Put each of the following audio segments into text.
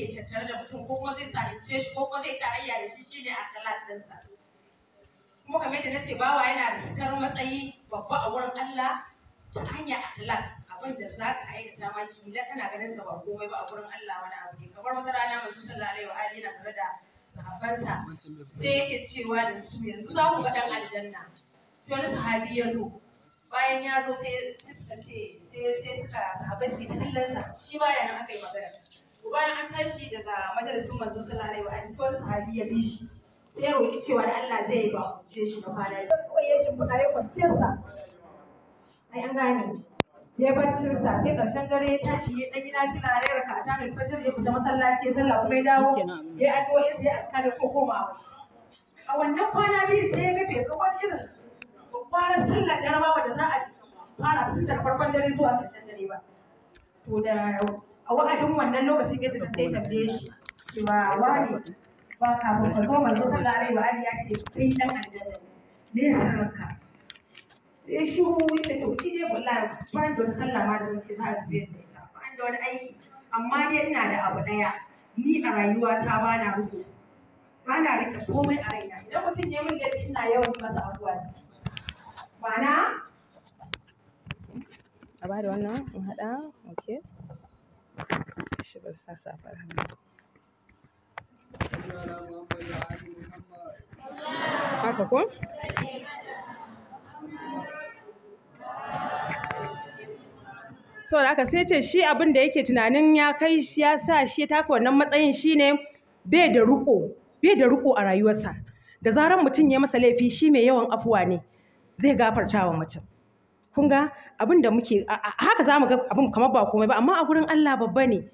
yake tattare da mutum ko kuma zai sahince shi ko kuma zai tarayya da shi shine a talatinsa kuma kamar yadda nace bawa yana riskar matsayi babba a wurin Allah ta hanyar akhlaq abin da za ka aikata ma kila kana ganin sa ba komai ba a wurin Allah wani abu kamar wata rana mai sallallahu alaihi wa alihi na tare da sahabbansa sai yake cewa da su yanzu za ku ga dan aljanna sai wani sahabi ya zo bayan ya zo sai suka ce sai suka sahabbai suke ta kallon shi baya nan aka yi magana to bayan an tashi daga majalisun manzon sallallahu alaihi wa sallam sahabi ya bi shi sai ya roki cewa da Allah zai ba ce shi na kwana biyu kawai ya shimfiɗa buɗa kwanciyar sa ai an gane ya bar cinsa, sai karshen dare ya tashi ya dan gida kila ya raka ta mai fajar ya fita masallaci ya sallah kuma ya dawo ya addu'a sai azkar ko koma a wannan kwana biyu sai ya ga bai wani irin kwanan sallah jarabawa da za a fara tun daga farkon dare zuwa karshen dare ba to da a wa'adin wannan lokacin da zai tambaye shi cewa wani ba ba ka zo manzo ta gare wa ya ce kai dan aljanna ne ya san ka sai shi hu yace to shi ne wallahi ban da sallah ma da shi za a biye ta ban da wani aiki amma dai ina da abu daya ni a rayuwa ta ba na rubu ba na rike komai a raina idan mutum ya mun laifi ina yawan masa abuwa ma'ana a ba da wannan in haɗa okay shi ba sa safar hannu. Haka ko? saboda haka sai ce shi abin da yake tunanin ya kai shi ya sa shi ya taka wannan matsayin shine bai da riko bai da riko a rayuwarsa da zarar mutum ya masa laifi shi mai yawan afuwa ne zai gafarta wa mutum kun ga abin da muke haka za mu ga abin kamar ba komai ba amma a gurin Allah babba ne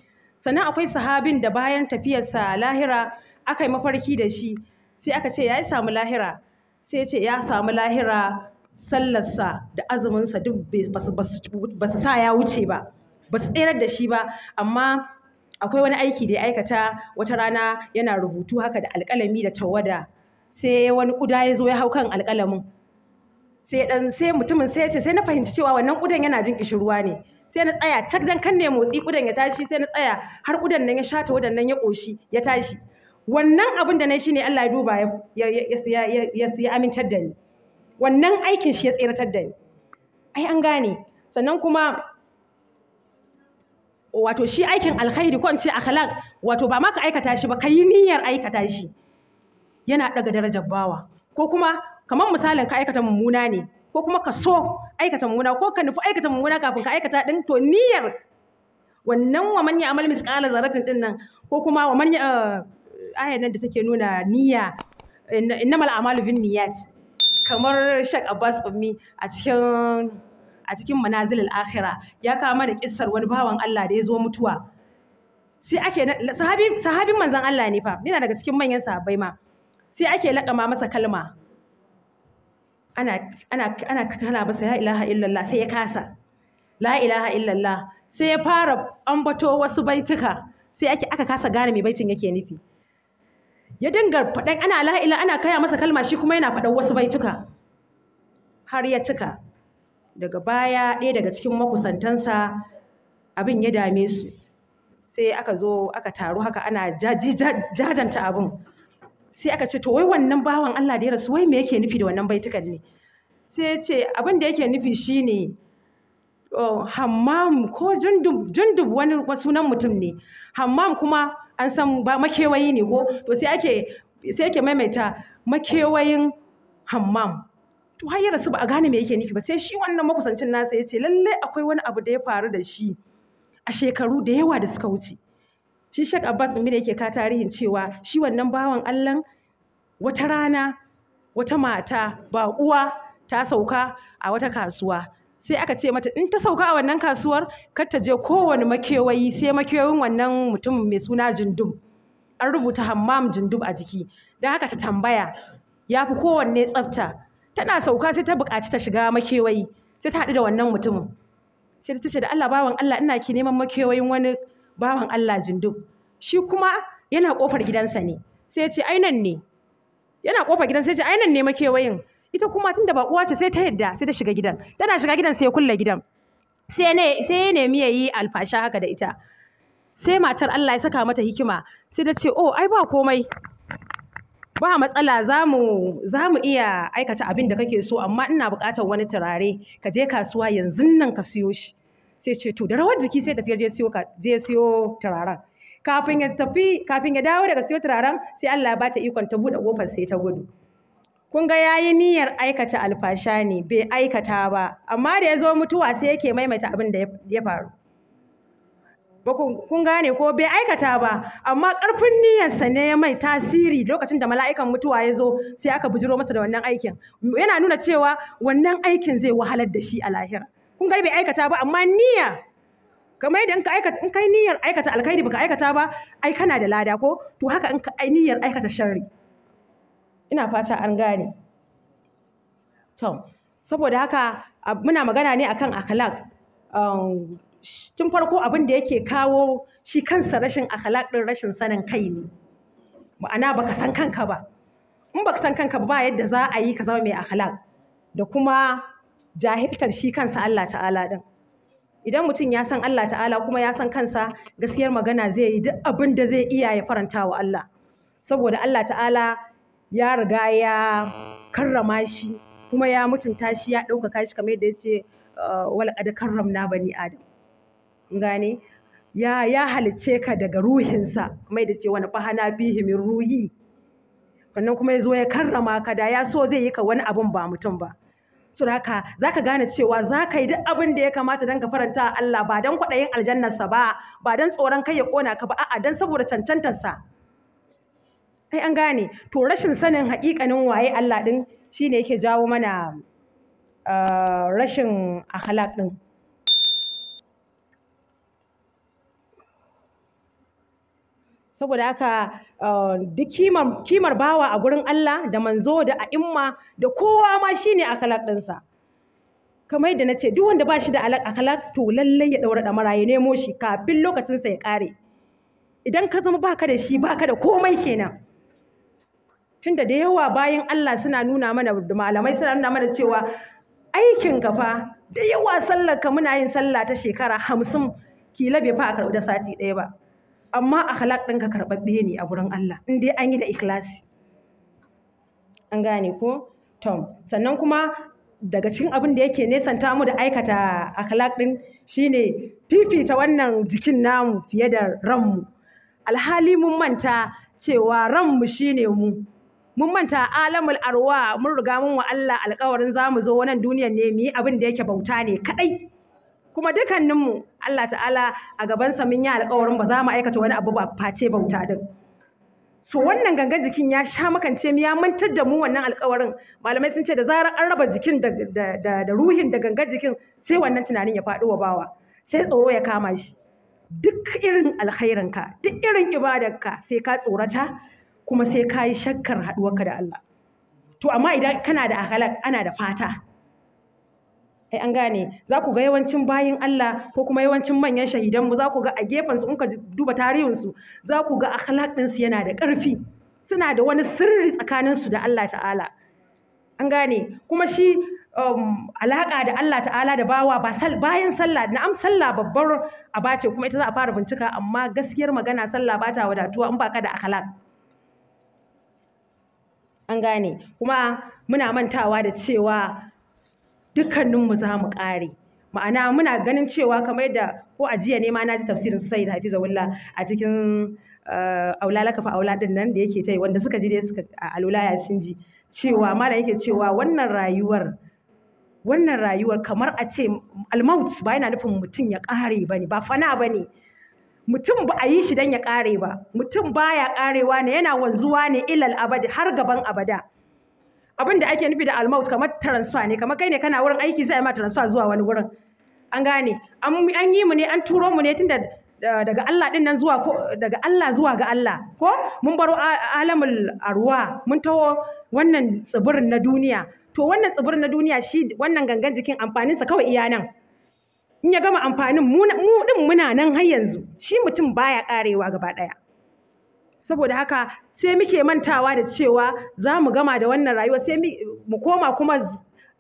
sannan akwai sahabin da bayan tafiyarsa lahira aka yi mafarki da shi sai aka ce ya samu lahira sai ya ce ya samu lahira sallarsa da azuminsa duk basu su sa ya wuce ba ba su da shi ba amma akwai wani aiki da ya aikata wata rana yana rubutu haka da alƙalami da tawada sai wani ƙuda ya zo ya hau kan alƙalamin sai dan sai mutumin sai ya ce sai na fahimci cewa wannan kudan yana jin ruwa ne sai na tsaya cak dan kan ne motsi kudan ya tashi sai na tsaya har kudan nan ya shata wadan nan ya koshi ya tashi wannan abin da na shi ne Allah ya duba ya ya ya amintar da ni wannan aikin shi ya tsiratar da ni ai an gane sannan kuma wato shi aikin alkhairi ko ce akhlaq wato ba ma ka aikata shi ba ka yi niyyar aikata shi yana daga darajar bawa ko kuma kamar misalin ka aikata mummuna ne ko kuma ka so aikata mummuna ko ka nufi aikata mummuna kafin ka aikata din to niyyar wannan wa man ya'mal misqala zarratin din nan ko kuma wa man eh, ayar nan da take nuna niyya innamal a'malu bin niyyat kamar Sheikh Abbas Ummi a cikin a cikin manazilul akhira ya kama mana kissar wani bawan Allah da ya zo mutuwa sai ake sahabin sahabin manzon Allah ne fa yana daga cikin manyan sahabbai ma sai ake laƙama masa kalma ana ana ana masa la ilaha illallah sai ya kasa la ilaha illallah sai ya fara ambato wasu baituka sai ake aka kasa gane mai baitin yake nufi ya dinga faɗan ana la ilaha ana kaya masa kalma shi kuma yana faɗan wasu baituka har ya cika daga baya ɗaya daga cikin makusantansa abin ya dame su sai aka zo aka taru haka ana jajanta abin sai aka ce to wai wannan bawan Allah da ya rasu wai me yake nufi da wannan baitukan ne sai ya ce abin da yake nufi shine oh, hammam ko jundub wani sunan mutum ne hammam kuma an san ba makewayi ne ko to sai ake sai yake maimaita makewayin hammam to har ya rasu ba a gane me yake nufi ba sai shi wannan makusancin nasa ya ce lallai akwai wani abu da ya faru da shi a shekaru da yawa da suka wuce shi Sheikh Abbas Mimina yake ka tarihin cewa shi wannan bawan Allah wata rana wata mata ba uwa ta sauka a wata kasuwa sai aka ce mata in ta sauka a wannan kasuwar kar ta je kowane makewayi sai makewayin wannan mutum mai suna jindum an rubuta hammam jindum a jiki don haka ta tambaya ya fi kowanne tsafta tana sauka sai ta buƙaci ta shiga makewayi sai ta haɗu da wannan mutumin sai ta ce da Allah bawan Allah ina ke neman makewayin wani bawan Allah jindub shi kuma yana kofar gidansa ne sai ce ai nan ne yana kofar gidansa sai ce ai nan ne makewayin ita kuma tunda ba uwa ce sai ta yadda sai ta shiga gidan tana shiga gidan sai ya kulle gidan sai ne sai ya nemi yayi alfasha haka da ita sai matar Allah ya saka mata hikima sai ta ce oh ai ba komai ba matsala za mu iya aikata abin da kake so amma ina buƙatar wani turare ka je kasuwa yanzu nan ka siyo shi sai ce to da rawar jiki sai tafiya je siyo je siyo turaren kafin ya tafi kafin ya dawo daga siyo turaren sai Allah ya bata ikon ta buɗe kofar sai ta gudu kun ga yayi niyyar aikata alfasha ne bai aikata ba amma da ya zo mutuwa sai yake maimaita abin da ya faru kun gane ko bai aikata ba amma karfin niyyarsa ne ya mai tasiri lokacin da mala'ikan mutuwa ya zo sai aka bujiro masa da wannan aikin yana nuna cewa wannan aikin zai wahalar da shi a lahira kun ga bai aikata ba amma niyya kamar yadda in ka aikata in kai niyyar aikata alkhairi baka aikata ba ai kana da lada ko to haka in ka ai niyyar aikata sharri ina fata an gane to saboda haka muna magana ne akan akhlaq um, tun farko abin da yake kawo shi kansa rashin akhlaq din rashin sanin kai ne ma'ana baka san kanka ba in baka san kanka ba yadda za a yi ka zama mai akhlaq da kuma jahiltar shi kansa Allah ta'ala din idan mutum ya san Allah ta'ala kuma ya san kansa gaskiyar magana zai yi duk abin da zai iya ya faranta wa Allah saboda Allah ta'ala ya riga ya karrama shi kuma ya mutunta shi ya ɗaukaka shi kamar yadda ya ce karram ah, karramna bani adam gane ya ya halice ka daga ruhinsa kuma yadda ce wani fahana bihi min ruhi sannan kuma ya zo ya karrama ka da ya so zai yi ka wani abun ba mutum ba suraka zaka gane cewa zaka yi duk abin da ya kamata don ka faranta a Allah ba don kwaɗayin aljannarsa ba ba don tsoron kai ya kona ka ba a'a don saboda cancantarsa ai an gane to rashin sanin haƙiƙanin waye Allah din shine yake jawo mana ah, rashin akhlaq din saboda haka eh, duk kimar bawa a gurin Allah da manzo da a'imma da kowa ma shine akalak ɗinsa kamar yadda na ce duk wanda ba shi da akalak to lallai ya ɗaura ɗamara ya nemo shi kafin lokacinsa ya ƙare idan ka zama baka da shi baka da komai kenan tunda da yawa bayan Allah suna nuna mana malamai suna nuna mana cewa aikin fa da yawa sallar ka muna yin sallah ta shekara hamsin kila bai fa a karɓi da sati ɗaya ba amma akhlaq ɗinka ɗaya ne a gurin Allah in dai an yi da ikhlasi an gane ko tom sannan kuma daga cikin abin da yake nesanta mu da aikata akhlaq din shine fifita wannan jikin namu fiye da ranmu alhali mun manta cewa ranmu shine mu mun manta alamul arwa mun riga mun wa Allah alƙawarin zamu zo wannan duniyar ne mu yi abin da yake bauta ne kadai kuma dukkaninmu Allah ta'ala a gabansa mun yi alƙawarin ba za mu aikata wani abu ba face bauta din so wannan gangan jikin ya sha makance mu ya mantar da mu wannan alƙawarin malamai sun ce da zarar an raba jikin da, da, ruhin da gangan jikin sai wannan tunanin ya faɗo wa bawa sai tsoro ya kama shi duk irin alkhairinka duk irin ibadarka sai ka tsorata kuma sai ka yi shakkar haɗuwarka da Allah to amma idan kana da akhlaq ana da fata Ai, an gane za ku ga yawancin bayin Allah ko kuma yawancin manyan shahidan mu za ku ga a gefen su in ka duba tarihin su za ku ga akhlaq din su yana da ƙarfi suna da wani sirri tsakanin su da Allah ta'ala an gane kuma shi um, alaka da Allah ta'ala da bawa ba sal, bayan sallah na'am sallah babbar aba ce kuma ita za a fara bincika amma gaskiyar magana sallah ba ta wadatuwa in ba baka da akhlaq an gane kuma muna mantawa da cewa dukkaninmu za mu ƙare ma'ana muna ganin cewa kamar yadda ko a jiya ne ma na ji tafsirin su sai wulla a cikin eh, aula fa aula din nan da yake tai wanda suka ji dai suka alula ya sun ji cewa malam yake cewa wannan rayuwar wannan rayuwar kamar a ce almaut ba yana nufin mutum ya ƙare ba ne ba fana ba ne mutum ba a yi shi don ya ƙare ba mutum ba ya ƙarewa ne yana wanzuwa ne ilal abadi har gaban abada abin da ake nufi da almaut kamar transfer ne kamar kai ne kana wurin aiki sai ma transfer zuwa wani wurin an gane an yi mu ne an turo mu ne tun da daga Allah din nan zuwa daga Allah zuwa ga Allah ko mun baro alamul arwa mun taho wannan tsibirin na duniya to wannan tsibirin na duniya shi wannan gangan jikin amfaninsa kawai iya nan in ya gama amfanin mu din muna nan har yanzu shi mutum baya karewa gaba daya saboda haka sai muke mantawa da cewa za mu gama da wannan rayuwa sai mu koma kuma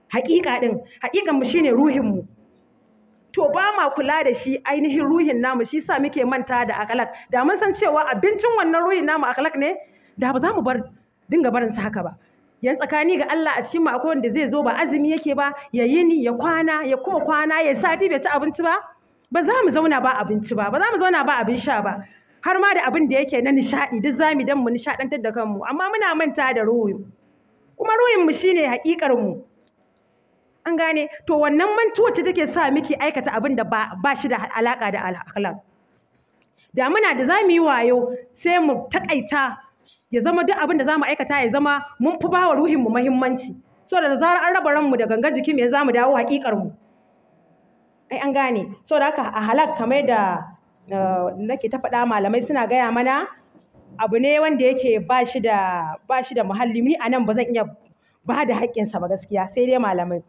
hakika din, haƙiƙan mu shine ruhin mu to ba ma kula da shi ainihin ruhin namu shi sa muke manta da akalak da mun san cewa abincin wannan ruhin namu akalak ne da ba za mu bar dinga barin sa haka ba yan tsakani ga Allah a cikin mu akwai wanda zai zo ba azumi yake ba ya yini ya kwana ya kuma kwana ya sati bai ci abinci ba ba za mu zauna ba abinci ba ba za mu zauna ba abin sha ba har ma da abin da yake na nishaɗi duk za mu dan mu nishaɗantar da kanmu amma muna manta da ruhu kuma ruhin mu shine hakikar mu an gane to wannan mantuwa ce take sa miki aikata abin da ba shi da alaka da al'akhlaq da muna da za mu yi wayo sai mu takaita ya zama duk abin da za mu aikata ya zama mun fi bawa ruhin mu muhimmanci so da zarar an raba ranmu da gangan jikin me zamu dawo hakikar mu ai an gane so da haka a halak kamar da Eh, nake ta faɗa malamai suna gaya mana abu ne wanda yake ba shi da ba shi da muhalli ni a nan ba zan iya ba da haƙƙinsa ba gaskiya sai dai malamai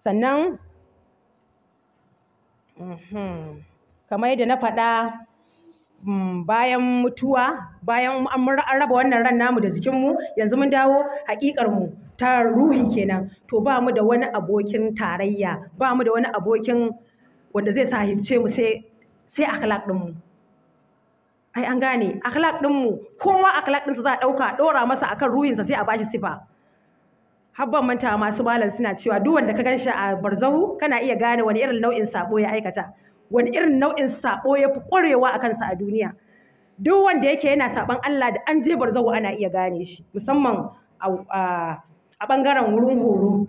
sannan mhm, kamar yadda na faɗa mm, bayan mutuwa bayan an raba wannan ran namu da jikinmu yanzu mun dawo mu ta ruhi kenan to ba mu da wani abokin tarayya ba mu da wani abokin wanda zai sahibce mu sai sai akhlaq ɗinmu ai an gane akhlaq ɗinmu kowa akhlaq ɗinsa za a ɗauka ɗora masa akan ruhinsa sai a ba shi sifa habban manta masu malam suna cewa duk wanda ka ganshi a barzahu kana iya gane wani irin nau'in sabo ya aikata wani irin nau'in sabo ya fi ƙwarewa a kansa a duniya duk wanda yake yana saban Allah da an je barzahu ana iya gane shi musamman a ɓangaren wurin horo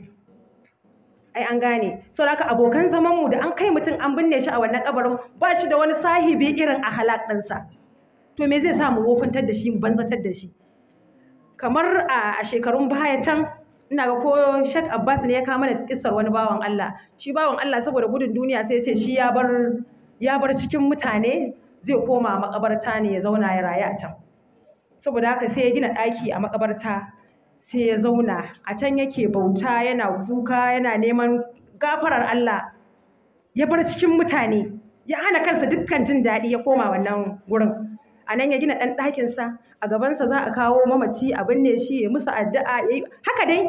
ai an gane so haka abokan zaman mu da an kai mutum an binne shi a wannan kabarin ba shi da wani sahibi irin a halak ɗinsa to me zai sa mu wofintar da shi mu banzatar da shi kamar a shekarun baya can ina ga ko shek Abbas ne ya kama mana kissar wani bawan Allah shi bawan Allah saboda gudun duniya sai ya ce shi ya bar ya bar cikin mutane zai koma makabarta ne ya zauna ya rayu a can saboda haka sai ya gina ɗaki a makabarta sai ya zauna a can yake bauta yana kuka yana neman gafarar Allah ya bar cikin mutane ya hana kansa dukkan jin daɗi ya koma wannan gurin a nan ya gina ɗan ɗakinsa a gabansa za a kawo mamaci abin ne shi ya musu addu'a ya haka dai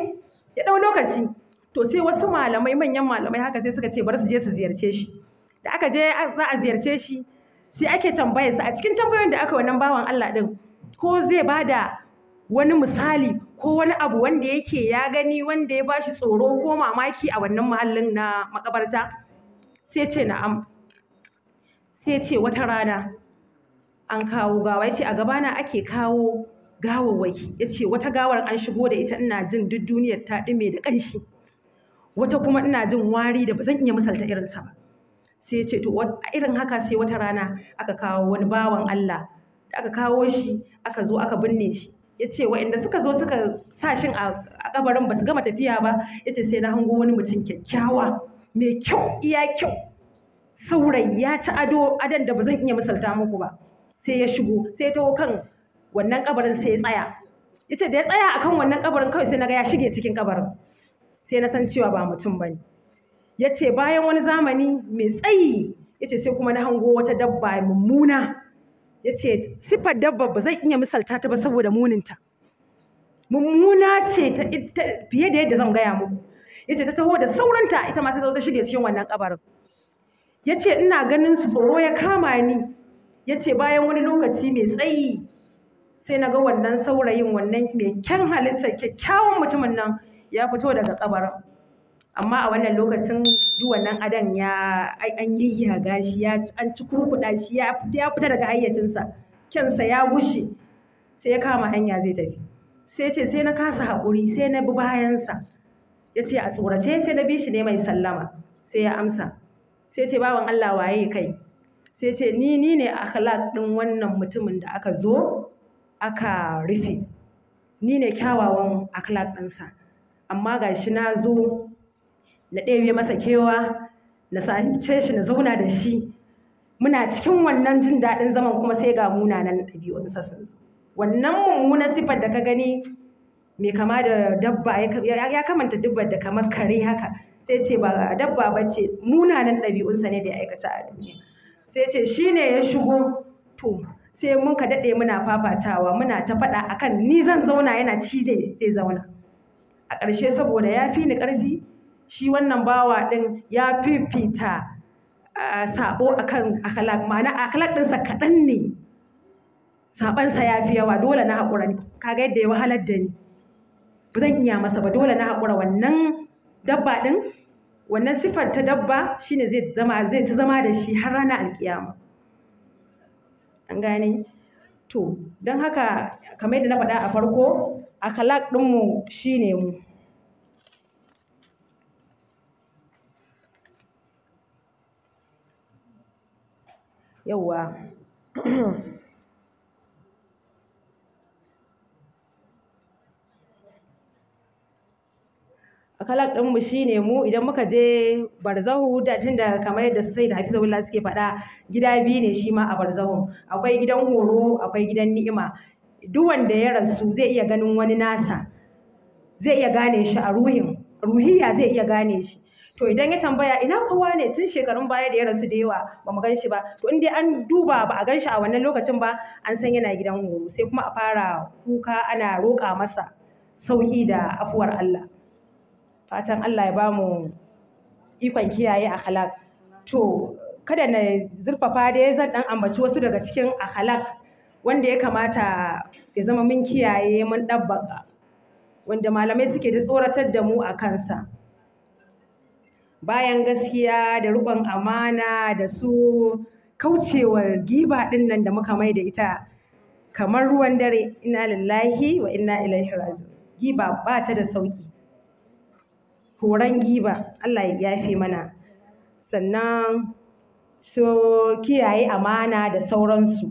ya ɗau lokaci to sai wasu malamai manyan malamai haka sai suka ce bari su je su ziyarce shi da aka je za a ziyarce shi sai ake tambayarsa a cikin tambayoyin da aka wannan bawan Allah ɗin ko zai bada wani misali ko wani abu wanda yake ya gani wanda ya bashi tsoro ko mamaki a wannan muhallin na makabarta sai ce na'am sai ce wata rana an kawo gawa ce a gabana ake kawo gawawwaki ya ce wata gawar an shigo da ita ina jin duk duniyar ta ɗume da ƙanshi wata kuma ina jin wari da ba zan iya misalta irinsa ba sai ce to irin haka sai wata rana aka kawo wani bawan Allah da aka kawo shi aka zo aka binne shi ya ce waɗanda suka zo suka sa shin a kabarin ba su gama tafiya ba ya ce sai na hango wani mutum kyakkyawa mai kyau iya kyau saurayi ya ci ado adan da ba zan iya misalta muku ba sai ya shigo sai ya taho kan wannan kabarin sai ya tsaya ya ce da ya tsaya akan wannan kabarin kawai sai na ga ya shige cikin kabarin sai na san cewa ba mutum ba ne ya ce bayan wani zamani mai tsayi ya ce sai kuma na hango wata dabba mummuna ya ce siffar dabba ba zai iya misalta ta ba saboda muninta mummuna ce ta fiye da yadda zan gaya muku ya ce ta taho da sauranta ita ma sai ta shirya cikin wannan kabarin ya ce ina ganin su tsoro ya kama ni ya ce bayan wani lokaci mai tsayi sai na ga wannan saurayin wannan mai kyan halittar kyakkyawan mutumin nan ya fito daga kabarin amma a wannan lokacin duk wannan adan ya an yayyaga shi ya an ci kurkuɗa shi ya fita daga hayyacinsa kyansa ya gushe sai ya kama hanya zai tafi sai ce sai na kasa haƙuri sai na bi bayansa ya ce a tsorace sai na bi shi ne mai sallama sai ya amsa sai ce bawan Allah waye kai sai ce ni ni ne akhlaq ɗin wannan mutumin da aka zo aka rufe ni ne kyawawan akhlaq ɗinsa amma ga shi na zo na ɗebe masa kewa na sace shi na zauna da shi muna cikin wannan jin daɗin zaman kuma sai ga munanan ɗabi'unsa sun zo wannan mummunan siffar da ka gani mai kama da dabba ya kamanta dabbar da kamar kare haka sai ce ba dabba ba ce munanan ɗabi'unsa ne da ya aikata a duniya sai ce shi ne ya shigo to sai mun ka daɗe muna fafatawa muna ta faɗa akan ni zan zauna yana ci da zai zauna a ƙarshe saboda ya fi ni ƙarfi shi wannan bawa ɗin ya fifita sabo akan akalak ma'ana akalak ɗinsa kaɗan ne sabansa ya fi yawa dole na haƙura ne kaga yadda ya wahalar da ni ba zan iya masa ba dole na haƙura wannan dabba ɗin wannan siffar ta dabba shine zai zama zai ta zama da shi har ranar alƙiyama an gane to don haka kamar yadda na faɗa a farko akalak ɗinmu shine mu Yauwa a mu ɗinmu ne mu idan muka je Barzahu da tunda kamar yadda su sai da Hafizahullah suke faɗa gida biyu ne shi ma a Barzahu akwai gidan horo akwai gidan ni'ima duk wanda ya rasu zai iya ganin wani nasa zai iya gane shi a ruhin ruhiya zai iya gane shi to idan ya tambaya ina kowa ne tun shekarun baya da ya rasu da yawa ba mu ganshi ba to in dai an duba ba a ganshi a wannan lokacin ba an san yana gidan horo sai kuma a fara kuka ana roƙa masa sauƙi da afuwar Allah fatan Allah ya bamu ikon kiyaye halak to kada na zurfafa ya zan dan ambaci wasu daga cikin akhlaq wanda ya kamata ya zama mun kiyaye mun dabbaka wanda malamai suke da tsoratar da mu a kansa bayan gaskiya da riƙon amana da su kaucewar giba ɗin nan da muka mai da ita kamar ruwan dare inna lillahi wa ina ilaihi raji'un giba ba ta da sauƙi horon giba Allah ya yafe mana sannan so kiyaye amana da sauransu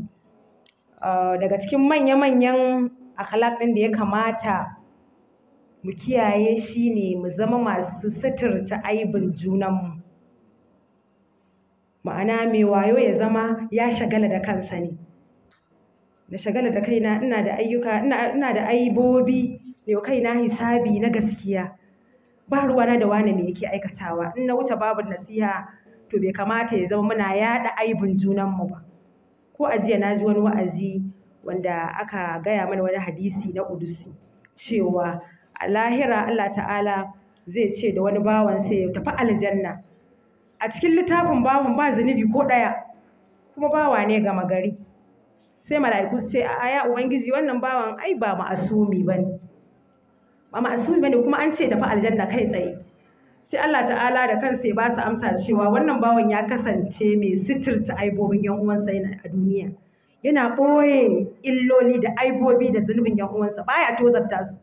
ah, daga cikin manya-manyan akhlaq ɗin da ya kamata mu kiyaye shi ne mu zama masu suturta aibin junanmu ma'ana mai wayo ya zama ya shagala da kansa ne na shagala da kaina ina da ayyuka ina da aibobi ne kaina hisabi na gaskiya ba ruwana da wane me yake aikatawa in na wuce babu nasiha to bai kamata ya zama muna yaɗa aibin junanmu ba ko a jiya na ji wani wa'azi wanda aka gaya mana wani hadisi na ƙudusi cewa a lahira Allah ta'ala zai ce da wani bawan sai ya tafi aljanna a cikin littafin bawan ba zunubi ko ɗaya kuma bawa ne gama gari sai mala'iku su ce a aya ubangiji wannan bawan ai ba ma'asumi bane ba ma'asumi bane kuma an ce tafi aljanna kai tsaye sai Allah ta'ala da kansa ya ba su amsa cewa wannan bawan ya kasance mai sitirta aibobin yan uwansa yana a duniya yana ɓoye illoli da aibobi da zunubin yan uwansa baya tozarta su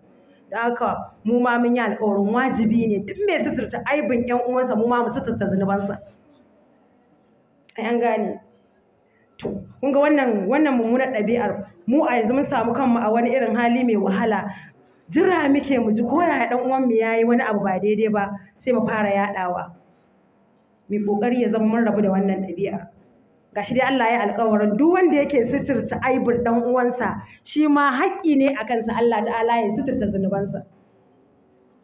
da haka mu ma mun yi alƙawarin wajibi ne duk mai suturta aibin ƴan uwansa mu ma mu suturta zunubansa an gane to kun ga wannan wannan mummunar ɗabi'ar mu a yanzu mun samu kanmu a wani irin hali mai wahala jira muke mu ji ko yaya ɗan uwan mu yayi wani abu ba daidai ba sai mu fara yaɗawa mai ƙoƙari ya zama mun rabu da wannan ɗabi'ar? gashi dai Allah ya alƙawarin duk wanda yake suturta aibin dan uwansa shi ma haƙƙi ne a kansa Allah ta'ala ya suturta zunubansa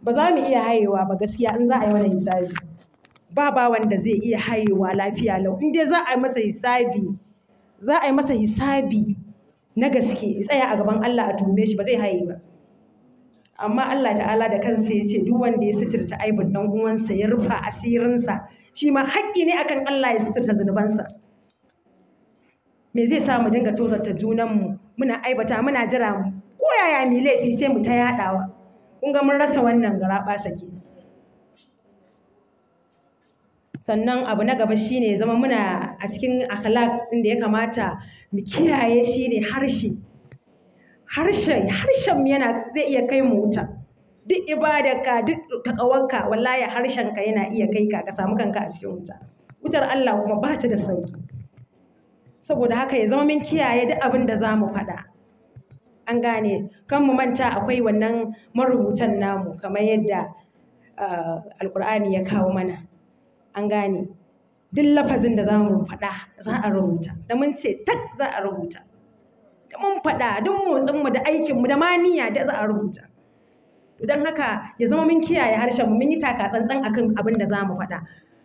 ba za mu iya hayewa ba gaskiya in za a yi mana hisabi ba ba wanda zai iya hayewa lafiya lau in dai za a yi masa hisabi za a yi masa hisabi na gaske ya tsaya a gaban Allah a tume shi ba zai haye ba amma Allah ta'ala da kansa ya ce duk wanda ya suturta aibin dan uwansa ya rufa asirinsa shi ma haƙƙi ne akan Allah ya suturta zunubansa me zai sa mu dinga tozarta junanmu muna aibata muna jira mu ko yaya mai laifi sai mu ta yaɗawa kun ga mun rasa wannan garaɓa sake sannan abu na gaba shine zama muna a cikin akhlaq din da ya kamata mu kiyaye shine harshe harshe harshen yana zai iya kai mu wuta duk ibadarka duk takawarka wallahi harshenka yana iya kai ka ka samu kanka a cikin wuta wutar Allah kuma ba ta da sauki saboda haka ya zama min kiyaye duk abin da za mu faɗa an gane kan mu manta akwai wannan marubutan namu kamar yadda eh, alkur'ani ya kawo mana an gane duk lafazin da za mu faɗa za a rubuta da mun ce tak za a rubuta da mun faɗa duk motsinmu da aikinmu da maniya da za a rubuta don haka ya zama min kiyaye harshen harshenmu mun yi taka tsantsan akan abin da za mu faɗa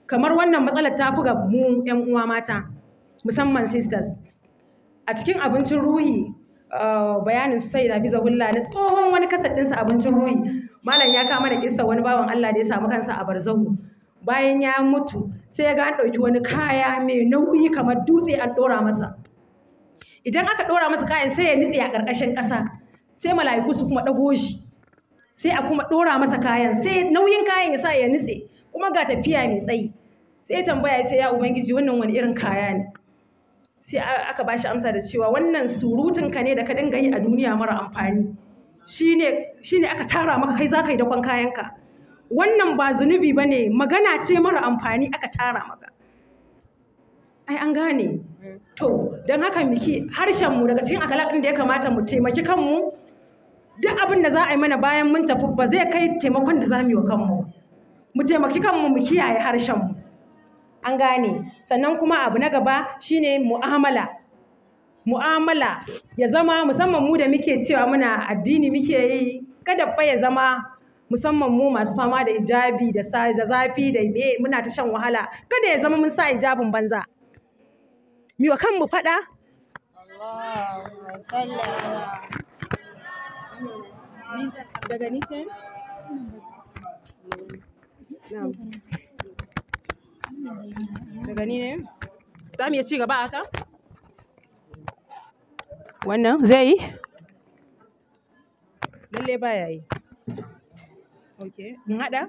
kamar wannan matsalar ta fi ga mu 'yan uwa mata musamman sisters a cikin abincin ruhi uh, bayanin su sai biza hulla na tsohon wani kasar ɗinsa abincin ruhi malam ya kama da kissa wani bawan Allah da ya samu kansa a barzahu bayan ya mutu sai ya ga an ɗauki wani kaya mai nauyi kamar dutse an ɗora masa idan aka dora masa kayan sai ya nitse a karkashin kasa sai mala'iku su kuma dago shi sai a kuma ɗora masa kayan sai nauyin kayan ya sa ya nitse kuma ga tafiya mai tsayi sai tambaya ya ce ya ubangiji wannan wani irin kaya ne sai aka bashi amsa da cewa wannan surutun ka ne da ka dinga yi a duniya mara amfani shine shine aka tara maka kai zaka yi dakon kayanka wannan ba zunubi bane magana ce mara amfani aka tara maka ai an gane to don haka miki harshen mu daga cikin akalakin da ya kamata mu taimaki kanmu duk abin da za a yi mana bayan mun tafi ba zai kai taimakon da za mu yi wa kanmu mu taimaki kanmu mu kiyaye harshen mu an gane sannan kuma abu na gaba shine mu'amala mu'amala ya zama musamman mu da muke cewa muna addini muke yi kada fa ya zama musamman mu masu fama da hijabi da zafi da me muna ta shan wahala kada ya zama mun sa hijabin banza mi wa kanmu faɗa daga daga ni ne za mu iya ci gaba haka wannan zai yi lalle ya yi ok in haɗa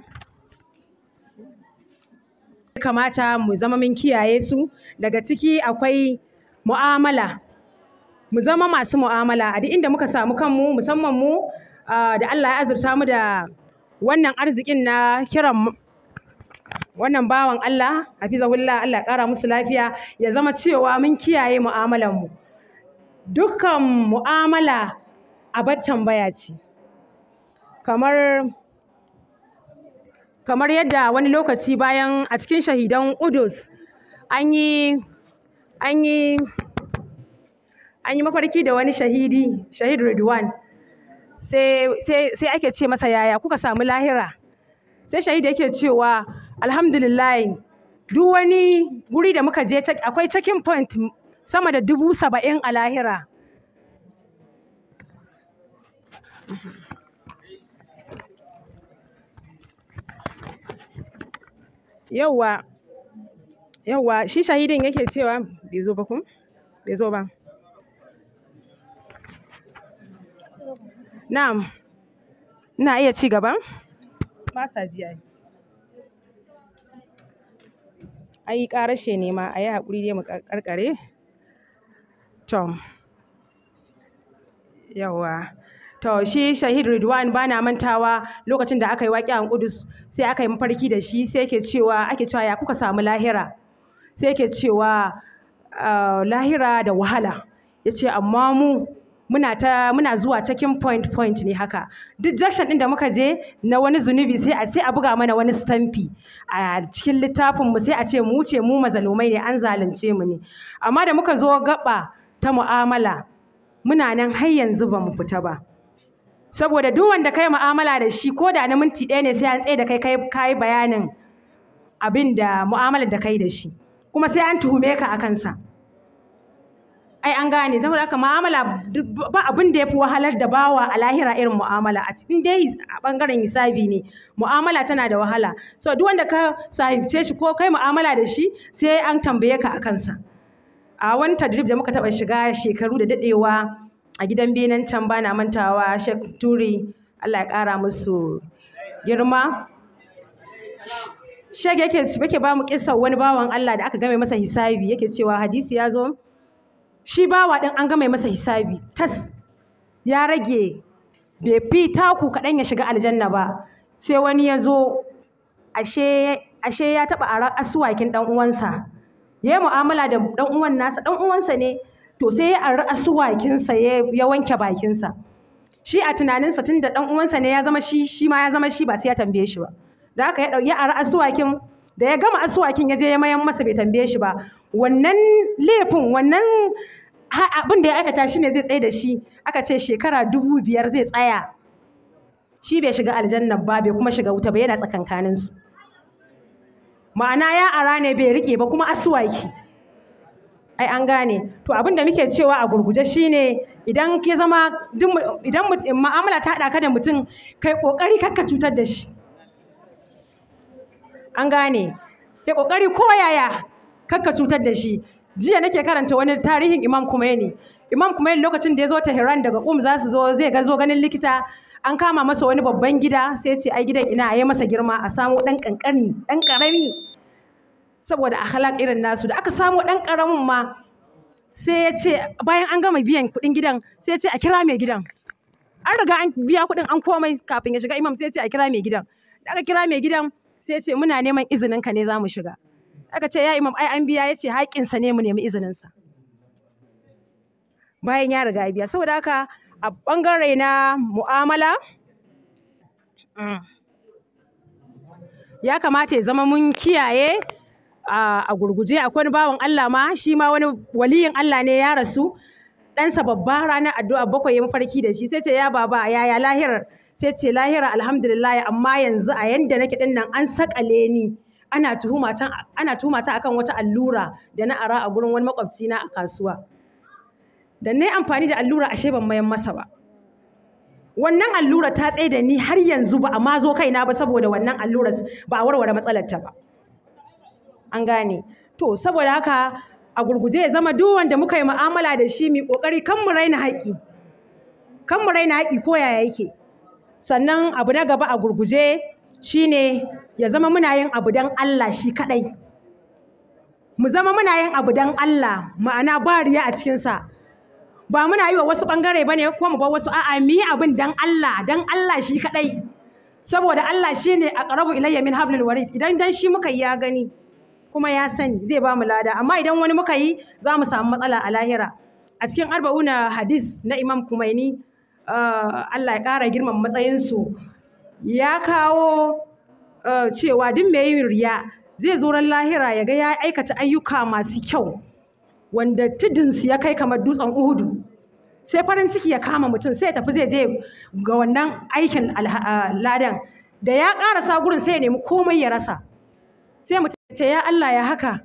kamata mu zama mun kiyaye su daga ciki akwai mu'amala mu zama masu mu'amala a duk inda muka samu kanmu musamman mu ah, da Allah ya azurta mu da wannan arzikin na kiran wannan bawan Allah hafizahullah Allah kara musu lafiya ya zama cewa mun kiyaye mu'amalan mu dukkan mu'amala abar tambaya ce kamar kamar yadda wani lokaci bayan a cikin shahidan Udus an yi an yi an yi mafarki da wani shahidi shahid Ridwan sai ake ce masa yaya kuka samu lahira sai shahidi yake cewa alhamdulillah duk wani guri da muka je akwai checking point sama da dubu saba'in a lahira yauwa yauwa shi shahidin yake cewa bai zo ba kun bai zo ba na'am ina iya ci gaba ba sa ji ai ƙarashe ne ma a yi haƙuri dai mu ƙarƙare. To, yawa To shi Shahid Ridwan bana mantawa lokacin da aka yi an Ƙudus sai aka yi mafarki da shi sai yake cewa ake cewa ya kuka samu lahira. Sai yake cewa ah, lahira da wahala. Ya ce amma mu muna ta muna zuwa cikin point point ne haka duk junction din da muka je na wani zunubi sai a sai a buga mana wani stampi a cikin littafin mu sai a ce mu ce mu mazalumai ne an zalunce mu ne amma da muka zo gaba ta mu'amala muna nan har yanzu ba mu fita ba saboda duk wanda kai mu'amala da shi ko da na minti ɗaya ne sai an tsaye da kai kai kai bayanin abinda da mu'amalar da kai da shi kuma sai an tuhume ka a kansa ai an gane zama haka mu'amala ba abin da ya fi wahalar da bawa a lahira irin mu'amala a cikin dai a bangaren hisabi ne mu'amala tana da wahala so duk wanda ka sahince shi ko kai mu'amala da shi sai an tambaye ka a kansa a wani tadrib da muka taba shiga shekaru da dadewa a gidan benin can bana mantawa shek turi allah ya kara musu girma shege yake ba mu kissar wani bawan allah da aka game masa hisabi yake cewa hadisi ya zo shi bawa ɗin an gama masa hisabi tas ya rage bai fi taku kaɗan ya shiga aljanna ba sai wani ya zo ashe ya taɓa a asuwakin ɗan uwansa ya yi mu'amala da ɗan uwan nasa ɗan uwansa ne to sai ya ari asuwakinsa ya wanke bakinsa shi a tunaninsa tun da ɗan uwansa ne ya zama shi shi ma ya zama shi ba sai ya tambaye shi ba da haka ya ari asuwakin da ya gama asuwakin ya je ya mayan masa bai tambaye shi ba wannan laifin wannan abin da ya aikata shi ne zai tsaye da shi aka ce shekara dubu biyar zai tsaya shi bai shiga aljanna ba bai kuma shiga wuta ba yana tsakankanin su ma'ana ya ara ne bai rike ba kuma asuwaki ai an gane to abin da muke cewa a gurguje shine idan ke zama idan ma'amala ta haɗa ka da mutum kai ƙoƙari kakka cutar da shi an gane kai ƙoƙari ko yaya kakka cutar da shi jiya nake karanta wani tarihin imam kumaini imam kumaini lokacin da ya zo tehran daga kum za su zo zai ga zo ganin likita an kama masa wani babban gida sai ce ai gidan ina yi masa girma a samu dan kankani dan karami saboda akhlaq irin nasu da aka samu dan karamin ma sai ya ce bayan an gama biyan kuɗin gidan sai ya ce a kira mai gidan an riga an biya kuɗin an komai kafin ya shiga imam sai ya ce a kira mai gidan da aka kira mai gidan sai ya ce muna neman izinin ka ne za mu shiga aka ce ya imam ai an biya ya ce haƙƙinsa ne mu nemi izininsa bayan ya riga biya saboda haka a ɓangare na mu'amala mm, ya kamata ya zama mun kiyaye a gurguje akwai wani bawan Allah ma shi ma wani waliyin Allah ne ya rasu ɗansa babba ranar addu'a bakwai ya mafarki da shi sai ce ya baba ya lahirar sai ce lahira alhamdulillah amma yanzu a yanda nake ɗin nan an sakale ni ana tuhuma ta ana tuhuma ta akan wata allura da na ara a gurin wani makwabci na a kasuwa da na amfani da allura ashe ban mayan masa ba wannan allura ta tsaye da ni har yanzu ba amma zo kaina ba saboda wannan allura ba a warware matsalar ta ba an gane to saboda haka a gurguje ya zama duk wanda muka yi mu'amala da shi mai kokari kan mu raina haƙi kan mu raina haƙi ko yaya yake sannan abu na gaba a gurguje shine ya zama muna yin abu don Allah shi kaɗai. Mu zama muna yin abu don Allah ma'ana ba riya a cikinsa. Ba muna yi wa wasu ɓangare ba ne kuma mu ba wasu a'a mu yi abin don Allah don Allah shi kaɗai. Saboda Allah shi ne a ƙarabu ilayya min hablil warid idan dan shi muka yi ya gani kuma ya sani zai ba mu lada amma idan wani muka yi za mu samu matsala a lahira. A cikin arba'una hadis na Imam Kumaini ah, Allah ya ƙara girman matsayinsu ya kawo eh, cewa duk mai yin riya zai zo ran lahira ya ga ya aikata ayyuka masu kyau wanda tudunsu ya kai kamar dutsen uhudu sai farin ciki ya kama mutum sai ya tafi zai je ga wannan aikin eh, ladan da ya karasa gurin sai ya nemi komai ya rasa sai mutum ya ce ya Allah ya haka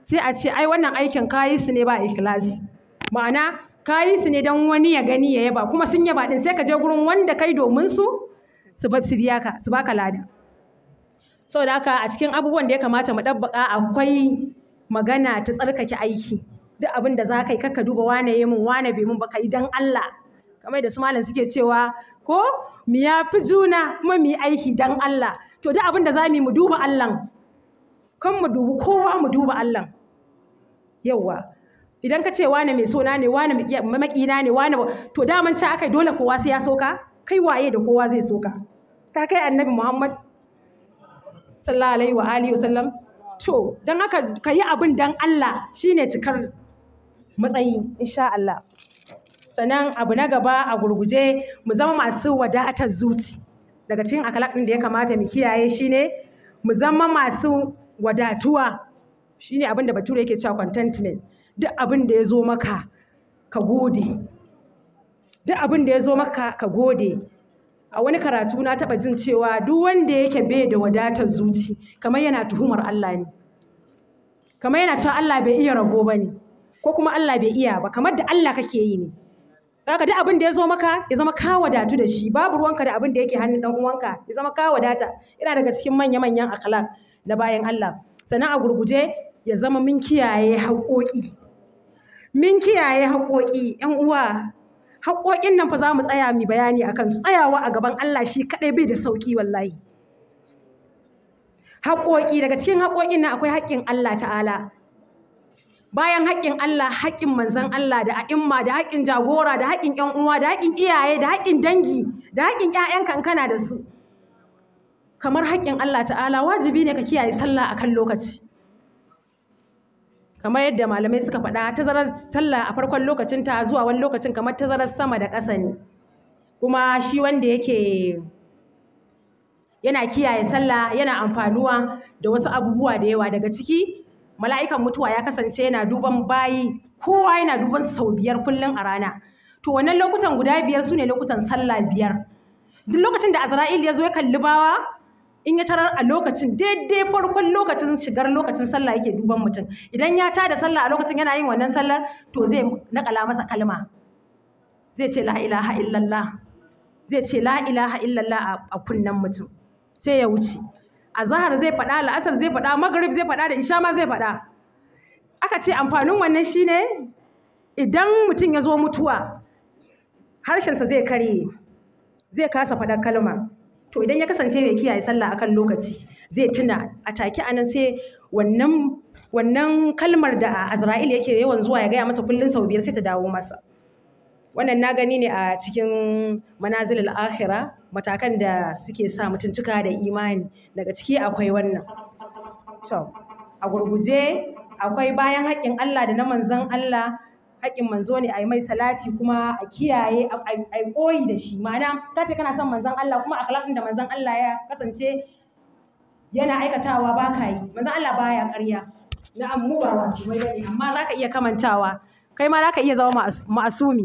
sai a ce ai wannan aikin kayi su ne ba ikhlas ma'ana kayi su ne don wani ya gani ya yaba kuma sun yaba din sai ka je gurin wanda kai domin su su biya ka su baka lada da haka a cikin abubuwan da ya kamata mu dabbaka akwai magana ta tsarkake aiki duk abin da za yi kakka duba wane yi mun wane bai mun ba ka yi don Allah kamar da su malam suke cewa ko mu ya fi juna kuma mu yi aiki don Allah to duk abin da za mu duba Allah kan mu dubi kowa mu duba Allah yawa idan ka ce wane mai sona ne wane makina ne wane to daman ci aka dole kowa sai ya soka kai waye da kowa zai so ka ka kai annabi muhammad sallallahu alaihi wa alihi wasallam to don haka ka yi abin don allah shine cikar matsayi insha allah sannan abu na gaba a gurguje mu zama masu wadatar zuci daga cikin akalak din da ya kamata mu kiyaye shine mu zama masu wadatuwa shine abin da bature yake cewa contentment duk abin da ya zo maka ka gode duk abin da ya zo maka ka gode a wani karatu na taɓa jin cewa duk wanda yake bai da wadatar zuci kamar yana tuhumar Allah ne kamar yana cewa Allah bai iya rago ba ne ko kuma Allah bai iya ba kamar da Allah kake yi ne Zaka duk abin da ya zo maka ya zama ka wadatu da shi babu ruwanka da abin da yake hannun dan uwanka ya zama ka wadata yana daga cikin manya manyan akhlaq na bayan Allah sannan a gurguje ya zama min kiyaye haƙoƙi min kiyaye haƙoƙi ƴan uwa haƙoƙin nan fa za mu tsaya mu bayani akan su tsayawa a gaban Allah shi kaɗai bai da sauƙi wallahi haƙoƙi daga cikin haƙoƙin nan akwai haƙƙin Allah ta'ala bayan haƙƙin Allah haƙƙin manzon Allah da a'imma da haƙƙin jagora da haƙƙin ƴan uwa da haƙƙin iyaye da haƙƙin dangi da haƙƙin ƴaƴan kankana da su kamar haƙƙin Allah ta'ala wajibi ne ka kiyaye sallah akan lokaci kamar yadda malamai suka faɗa tazarar sallah a farkon lokacin ta zuwa wani lokacin kamar tazarar sama da ƙasa ne kuma shi wanda yake yana kiyaye sallah yana amfanuwa da wasu abubuwa da yawa daga ciki mala'ikan mutuwa ya kasance yana duban bayi kowa yana duban sau biyar kullum a rana to wannan lokutan guda biyar su ne lokutan sallah biyar duk lokacin da azra'il ya zo ya kalli bawa in ya tarar a lokacin daidai farkon lokacin shigar lokacin sallah yake duban mutum idan ya tada sallah a lokacin yana yin wannan sallar to zai nakala masa kalma zai ce la illallah zai ce la illallah a kunnen mutum sai ya wuce a zahar zai faɗa la'asar zai faɗa magrib zai faɗa da isha ma zai faɗa aka ce amfanin wannan shine idan mutum ya zo mutuwa harshen sa zai karye zai kasa faɗar kalma to idan ya kasance mai kiyaye sallah akan lokaci zai tuna a take anan sai wannan wannan kalmar da Azra'il yake yawan zuwa ya gaya masa kullun sau biyar sai ta dawo masa wannan na gani ne a cikin manazil al-akhira matakan da suke sa mutum cika da imani daga ciki akwai wannan to a gurguje akwai bayan haƙƙin Allah da na manzon Allah haƙƙin manzo ne a yi mai salati kuma a kiyaye a koyi da shi ma'ana ta ce kana son manzon Allah kuma akhlaqin da manzon Allah ya kasance yana aikatawa ba ka yi manzon Allah baya ƙarya na'am mu ba wajibai bane amma zaka iya kamantawa kai ma zaka iya zama ma'asumi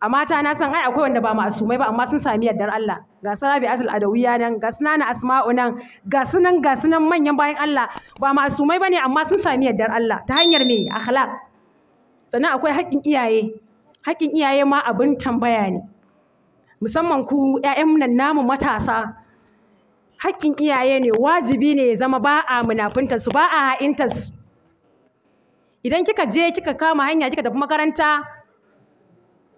a mata na san ai akwai wanda ba ma'asumai ba amma sun sami yardar Allah ga sarabi asul adawiya nan ga sunana asma'u nan ga sunan ga sunan manyan bayan Allah ba ma'asumai bane amma sun sami yardar Allah ta hanyar me akhlaq sannan akwai haƙƙin iyaye haƙƙin iyaye ma abin tambaya ne musamman ku 'ya'yan nan namu matasa haƙƙin iyaye ne wajibi ne ya zama ba a munafuntar su ba a ha'intar su idan kika je kika kama hanya kika tafi makaranta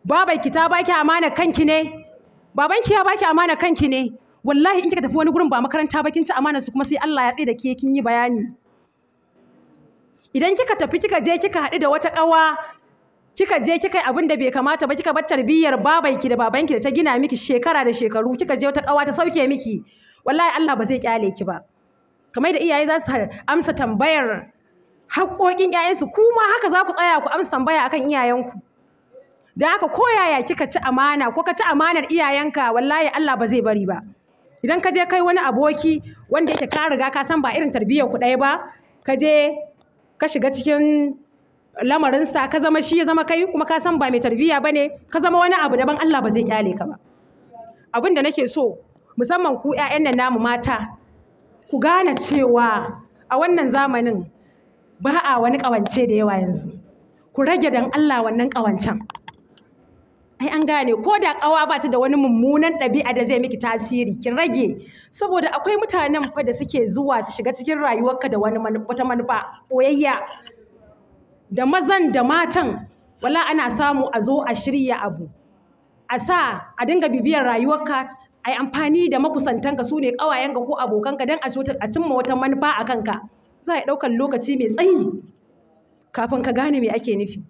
baban ki ta baki amana kanki ne baban ki ya baki amana kanki ne wallahi in kika tafi wani gurin ba makaranta ba kin ci amana su kuma sai Allah ya tsaye da ke kin yi bayani idan kika tafi kika je kika haɗu da wata ƙawa kika je kika yi abin da bai kamata ba kika bar tarbiyyar babanki da babanki da ta gina miki shekara da shekaru kika je wata ƙawa ta sauke miki wallahi Allah ba zai kyale ki ba kamar da iyaye za su amsa tambayar haƙoƙin ƴaƴansu ku ma haka za ku tsaya ku amsa tambaya akan iyayenku don haka ko yaya kika ci amana ko ka ci amanar iyayenka wallahi Allah ba zai bari ba idan ka je kai wani aboki wanda yake ka riga ka san ba irin tarbiyyar ku ɗaya ba ka je ka shiga cikin lamarinsa ka zama shi ya zama kai kuma ka san ba mai tarbiyya bane ka zama wani abu daban Allah ba zai kyale ka ba abin da nake so musamman ku ƴaƴan nan namu mata ku gane cewa a wannan zamanin ba a wani ƙawance da yawa yanzu ku rage dan Allah wannan ƙawancen ai an gane ko da kawa ba ta da wani mummunan ɗabi'a da zai miki tasiri kin rage saboda akwai mutanen fa da suke zuwa su shiga cikin rayuwarka da wani wata manufa boyayya da mazan da matan wala ana samu a zo a shirya abu a sa a dinga bibiyar rayuwarka ai amfani da makusantanka su ne ƙawayenka ko abokanka don a cimma wata manufa a kanka za a ɗaukar lokaci mai tsayi kafin ka gane me ake nufi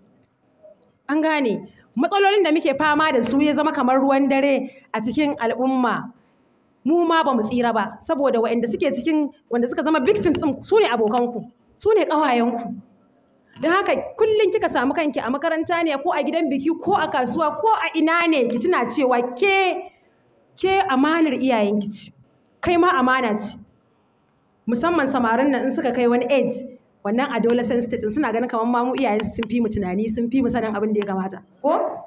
an gane matsalolin da muke fama da su ya zama kamar ruwan dare a cikin al'umma mu ma ba mu tsira ba saboda waɗanda suke cikin wanda suka zama victims din su ne abokanku su ne ƙawayenku don haka kullum kika samu kanki a makaranta ne ko a gidan biki ko a kasuwa ko a ina ne ki tuna cewa ke ke amanar iyayenki ce kai ma amana ce musamman samarin nan in suka kai wani age wannan adolescent stage suna ganin kamar ma mu iyayen sun fi mu tunani sun fi mu sanin abin da ya kamata ko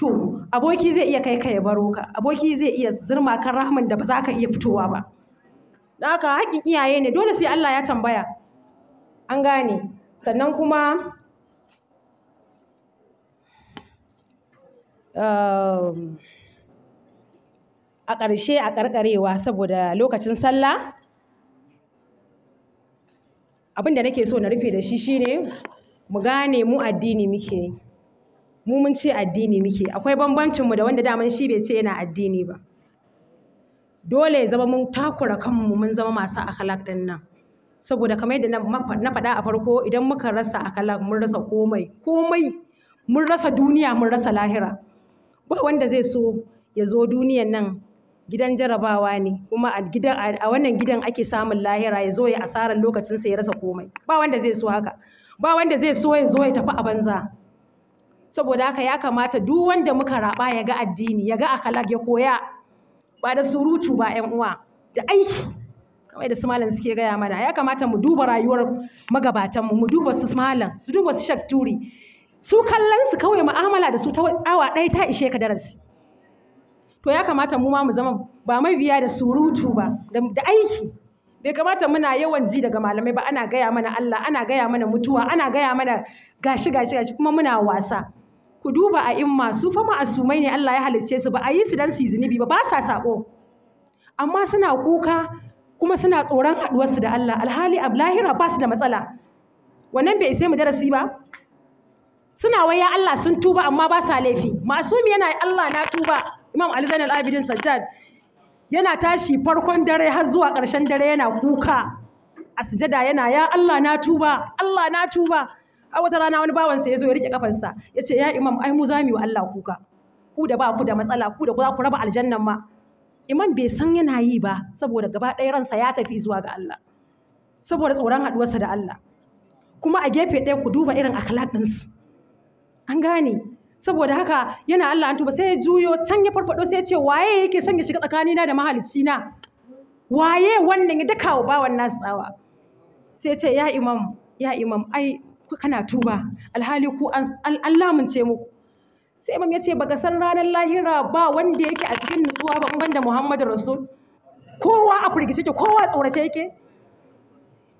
to aboki zai iya kai ka ya baro ka aboki zai iya zirma kan rahman da ba za ka iya fitowa ba dan haka haƙƙin iyaye ne dole sai Allah ya tambaya an gane sannan kuma um, a ƙarshe a ƙarƙarewa saboda lokacin sallah abin da nake so na rufe da shi shine mu gane mu addini muke mu mun ce addini muke akwai bambancin mu da wanda daman shi bai ce yana addini ba dole ya zama mun takura kanmu mun zama masu akhlaq din nan saboda kamar yadda na faɗa a farko idan muka rasa akhlaq mun rasa komai komai mun rasa duniya mun rasa lahira ba wanda zai so ya zo duniyan nan gidan jarabawa ne kuma a gidan a wannan gidan ake samun lahira ya zo ya asarar lokacin sa ya rasa komai ba wanda zai so haka ba wanda zai so ya zo ya tafi a banza saboda haka ya kamata duk wanda muka raba ya ga addini ya ga akhlaq ya koya ba da surutu ba ƴan uwa da aiki kamar da su malam suke gaya mana ya kamata mu duba rayuwar magabatanmu mu duba su malam su duba su shakturi su kallon su kawai mu'amala da su ta awa ɗaya ta ishe ka darasi to ya kamata mu ma mu zama ba biya da surutu ba da aiki bai kamata muna yawan ji daga malamai ba ana gaya mana Allah ana gaya mana mutuwa ana gaya mana gashi gashi gashi kuma muna wasa ku duba a in masu fa ma'asumai ne Allah ya halicce su ba a yi su dan su zunubi ba ba sa sako amma suna kuka kuma suna tsoron haɗuwarsu da Allah alhali a lahira ba su da matsala wannan bai sai mu darasi ba suna waya Allah sun tuba amma ba sa laifi masumi yana Allah na tuba imam ali zainal abidin sajjad yana tashi farkon dare har zuwa ƙarshen dare yana kuka a sujada yana ya Allah na tuba Allah na tuba a wata rana wani bawan sa yazo ya rike kafansa ya ce ya imam ai mu yi wa Allah kuka ku da ba ku da matsala ku da ku ku raba aljannan ma imam bai san yana yi ba saboda gaba ɗaya ransa ya tafi zuwa ga Allah saboda tsoron haɗuwarsa da Allah kuma a gefe ɗaya ku duba irin akhlaq an gane saboda haka yana Allah an tuba sai ya juyo can ya farfado sai ya ce waye yake son ya shiga tsakanina da mahalicci na waye wannan ya daka wa bawan nasu tsawa sai ya ce ya imam ya imam ai kana tuba alhali ku an lamunce muku sai imam ya ce baka san ranar lahira ba wanda yake a cikin nutsuwa ba banda Muhammadu Rasul kowa a firgice ke kowa tsorace yake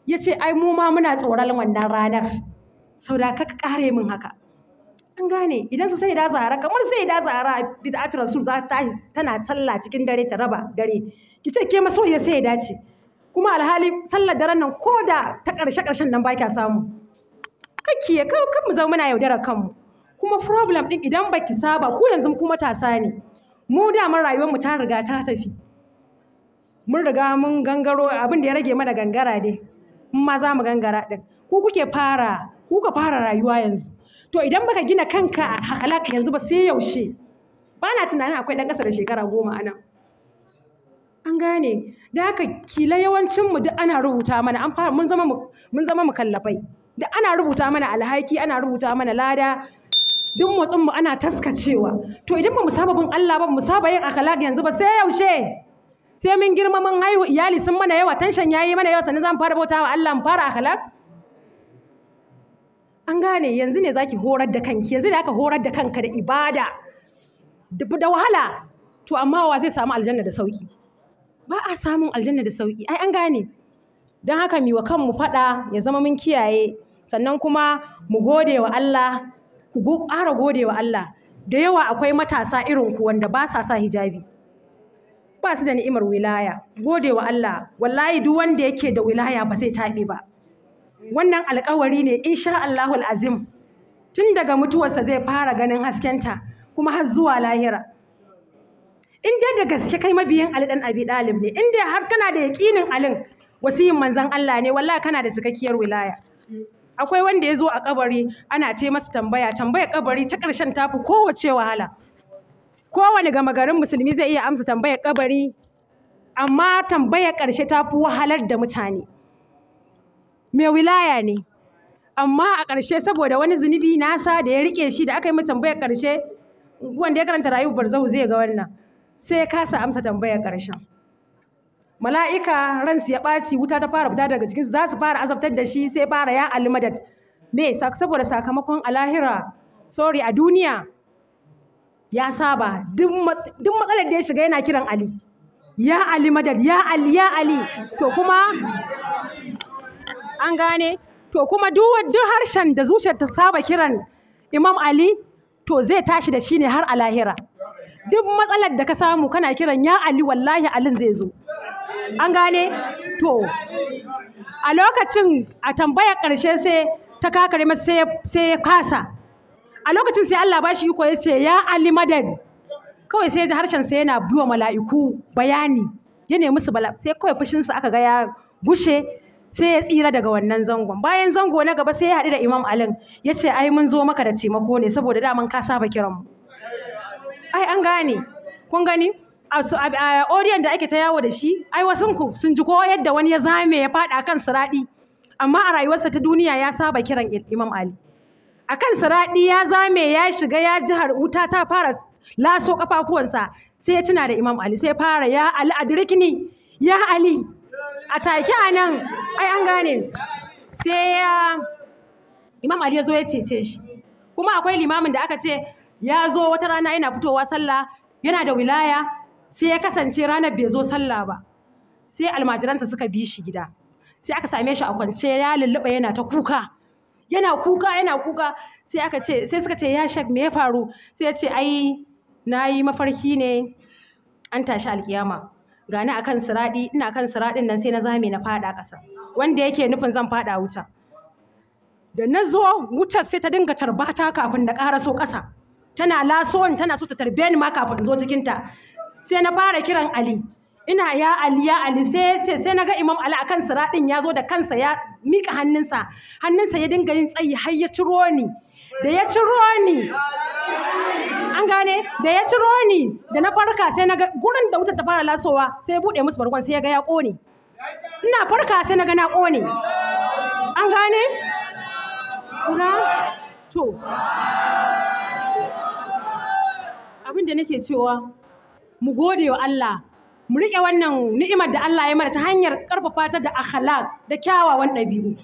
ya ce ai mu ma muna tsoron wannan ranar sau da ka kare min haka an gane idan su sai da zara kamar sai da zara bid'atu rasul za ta tana sallah cikin dare ta raba dare ki ce ke ya sai da ce kuma alhali sallar daren nan ko da ta karshe karshen nan ba kya samu kake kawo kan mu zama muna yaudarar kanmu kuma problem din idan baki saba ko yanzu kuma tasa ne mu damar rayuwar mu ta riga ta tafi mun riga mun gangaro abin da ya rage mana gangara dai in ma za mu gangara din ku kuke fara ku ka fara rayuwa yanzu to idan baka gina kanka a halak yanzu ba sai yaushe ba na tunanin akwai ɗan ƙasa da shekara goma anan an gane da haka kila yawancin mu duk ana rubuta mana an fara mun zama mun zama mukallafai duk ana rubuta mana alhaki ana rubuta mana lada duk motsin mu ana taskacewa to idan ba mu saba bin Allah ba mu saba yin akhlaq yanzu ba sai yaushe sai mun girma mun haihu iyali sun mana yawa tanshan yayi mana yawa sannan zan fara bautawa Allah mu fara akhlaq an gane yanzu ne zaki horar da kanki yanzu ne aka horar da kanka da ibada da wahala to amma wa zai samu aljanna da sauki ba a samun aljanna da sauki ai an gane don haka mi wa kanmu faɗa ya zama mun kiyaye sannan kuma mu gode wa Allah ku ƙara gode wa Allah da yawa akwai matasa irin ku wanda ba sa sa hijabi ba su da ni'imar wilaya gode wa Allah wallahi duk wanda yake da wilaya ba zai taɓe ba wannan alkawari ne insha Allahu azim tun daga mutuwarsa zai fara ganin haskenta kuma har zuwa lahira in dai da gaske kai mabiyin Ali dan Abi Dalib ne in dai har kana da yakinin Alin wasiyin manzon Allah ne wallahi kana da cikakkiyar wilaya akwai wanda ya zo a kabari ana ce masa tambaya tambaya kabari ta ƙarshen tafi kowace wahala kowane gama garin musulmi zai iya amsa tambaya kabari amma tambaya karshe tafi wahalar da mutane mai wilaya ne amma a ƙarshe saboda wani zunubi nasa da ya rike shi da aka yi tambayar ƙarshe wanda ya karanta rayu barzahu zai ga wannan sai ya kasa amsa tambayar ƙarshen mala'ika ransu ya ɓaci wuta ta fara fita daga su za su fara azabtar da shi sai fara ya almadad me saboda sakamakon alahira sorry a duniya ya saba duk matsalar da ya shiga yana kiran ali ya ali madad ya ali ya ali to kuma an gane to kuma duk harshen da zuciyar ta saba kiran imam ali to zai tashi da shi ne har a lahira duk matsalar da ka samu kana kiran ya ali wallahi alin zai zo an gane to a lokacin a tambayar ƙarshe sai ta kakare masa sai ya kasa a lokacin sai Allah ba shi iko ya ce ya ali madad kawai sai ji harshen sa yana biwa mala'iku bayani ya nemi su bala sai kawai fushinsa aka ga ya gushe sai ya tsira daga wannan zangon bayan zango na gaba sai ya haɗu da imam alin ya ce ai mun zo maka da taimako ne saboda daman ka saba kiran mu ai an gane kun gani a odiyon da ake ta yawo da shi ai ku, sun ji ko yadda wani ya zame ya faɗa kan siraɗi amma a rayuwarsa ta duniya ya saba kiran imam ali a kan siraɗi ya zame ya shiga ya ji har wuta ta fara laso kafafuwansa sai ya tuna da imam ali sai ya fara ya ali adrikni ya ali a take a nan ai an gane sai ya imam ali ya zo ya cece shi kuma akwai limamin da aka ce ya zo wata rana yana fitowa sallah yana da wilaya sai ya kasance ranar bai zo sallah ba sai almajiransa suka bi shi gida sai aka same shi a kwance ya lulluɓa yana ta kuka yana kuka yana kuka sai aka ce sai suka ce ya shak me ya faru sai ya ce ai na yi mafarki ne an tashi alkiyama gani akan siradi ina kan siradin nan sai na zame na fada kasa, wanda yake nufin zan fada wuta da na zo wutar sai ta dinga tarbata kafin da karaso ƙasa tana lasowan tana so ta tarbe ni ma kafin zo cikinta sai na fara kiran ali ina ya ali ya ali sai ya ce sai na ga imam ali akan siraɗin ya zo da kansa ya miƙa hannunsa hannunsa ya dinga yin tsayi har ya ciro ni da ya ciro ni an gane da ya ciro ni da na farka sai na ga gurin da wutar ta fara lasowa sai bude buɗe musu barkon sai ya ga ya ƙone ina farka sai na ga na ƙone an gane kuma to abin da nake cewa mu gode wa Allah mu riƙe wannan ni'imar da Allah ya mana ta hanyar ƙarfafa ta da akhlaq da kyawawan dabi'u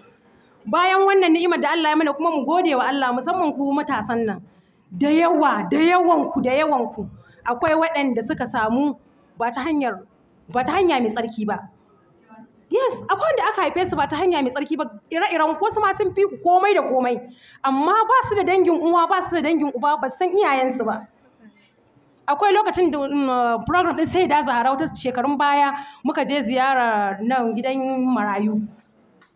bayan wannan ni'imar da Allah ya mana kuma mu gode wa Allah musamman ku matasan nan da yawa da yawanku da yawanku akwai waɗanda suka samu ba ta hanyar ba ta hanya mai tsarki ba yes akwai wanda aka haife su ba ta hanya mai tsarki ba ire-iren wasu ma sun fi ku komai da komai amma ba su da dangin uwa ba su da dangin uba ba san iyayensu ba akwai lokacin da mm, program din sai da zahara wata shekarun baya muka je ziyara nan gidan marayu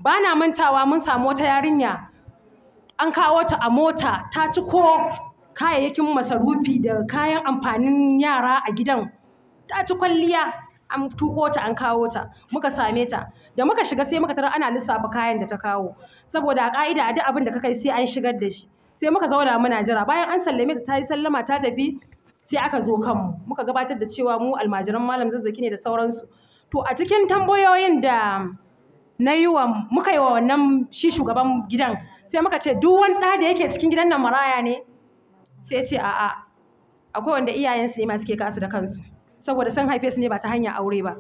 ba na mantawa mun samu wata yarinya an kawo ta a mota ta ci ko kayayyakin masarufi da kayan amfanin yara a gidan ta ci kwalliya an tuko ta an kawo ta muka same ta da muka shiga sai muka tarar ana lissafa kayan da ta kawo saboda a ka'ida duk abin da ka kai sai an shigar da shi sai muka zauna muna jira bayan an sallame ta ta yi sallama ta tafi sai aka zo kanmu muka gabatar da cewa mu almajiran malam zazzaki ne da sauransu to a cikin tambayoyin da na yi wa muka yi wa wannan shi shugaban gidan sai muka ce duk wani da yake cikin gidan nan maraya ne sai ce a'a akwai wanda iyayensu ne ma suke kasu da kansu saboda sun haife su ne ba ta hanyar aure ba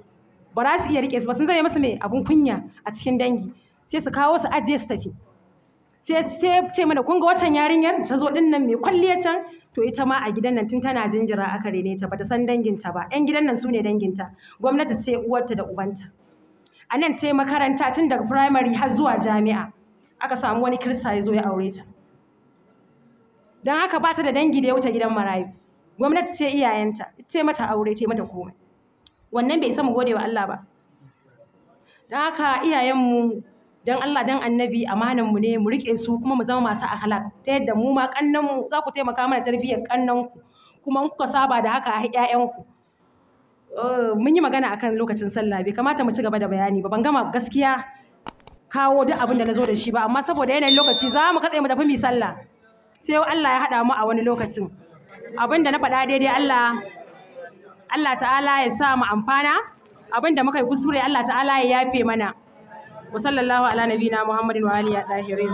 ba za su iya rike su ba sun zame musu mai abun kunya a cikin dangi sai su kawo su ajiye su tafi sai ya ce mana kun ga watan yarinyar ta zo din nan mai kwalliya can to ita ma a gidan nan tun tana jinjira aka rene ta bata san danginta ba yan gidan nan su ne danginta gwamnati ce uwarta da ubanta a nan ta yi makaranta tun daga firamare har zuwa jami'a aka samu wani kirista ya zo ya aure ta don haka ba ta da dangi da ya wuce gidan marayu gwamnati ce iyayenta ce mata aure ce mata komai wannan bai san mu gode wa Allah ba don haka iyayenmu don Allah don annabi amanan mu ne mu rike su kuma mu zama masu akhlaq ta yadda mu ma kannan mu za ku taimaka mana tarbiyyar kannan ku kuma in kuka saba da haka ƴaƴan ku eh, mun yi magana akan lokacin sallah bai kamata mu ci gaba da bayani ba ban gama gaskiya kawo duk abin da na zo da shi ba amma saboda yanayin lokaci za mu katse mu tafi mu sallah sai Allah ya haɗa mu a wani lokacin abinda na faɗa daidai Allah Allah ta'ala ya sa mu amfana abinda muka yi kuskure Allah ta'ala ya yafe mana wa sallallahu ala nabina muhammadin wa alihi tahirin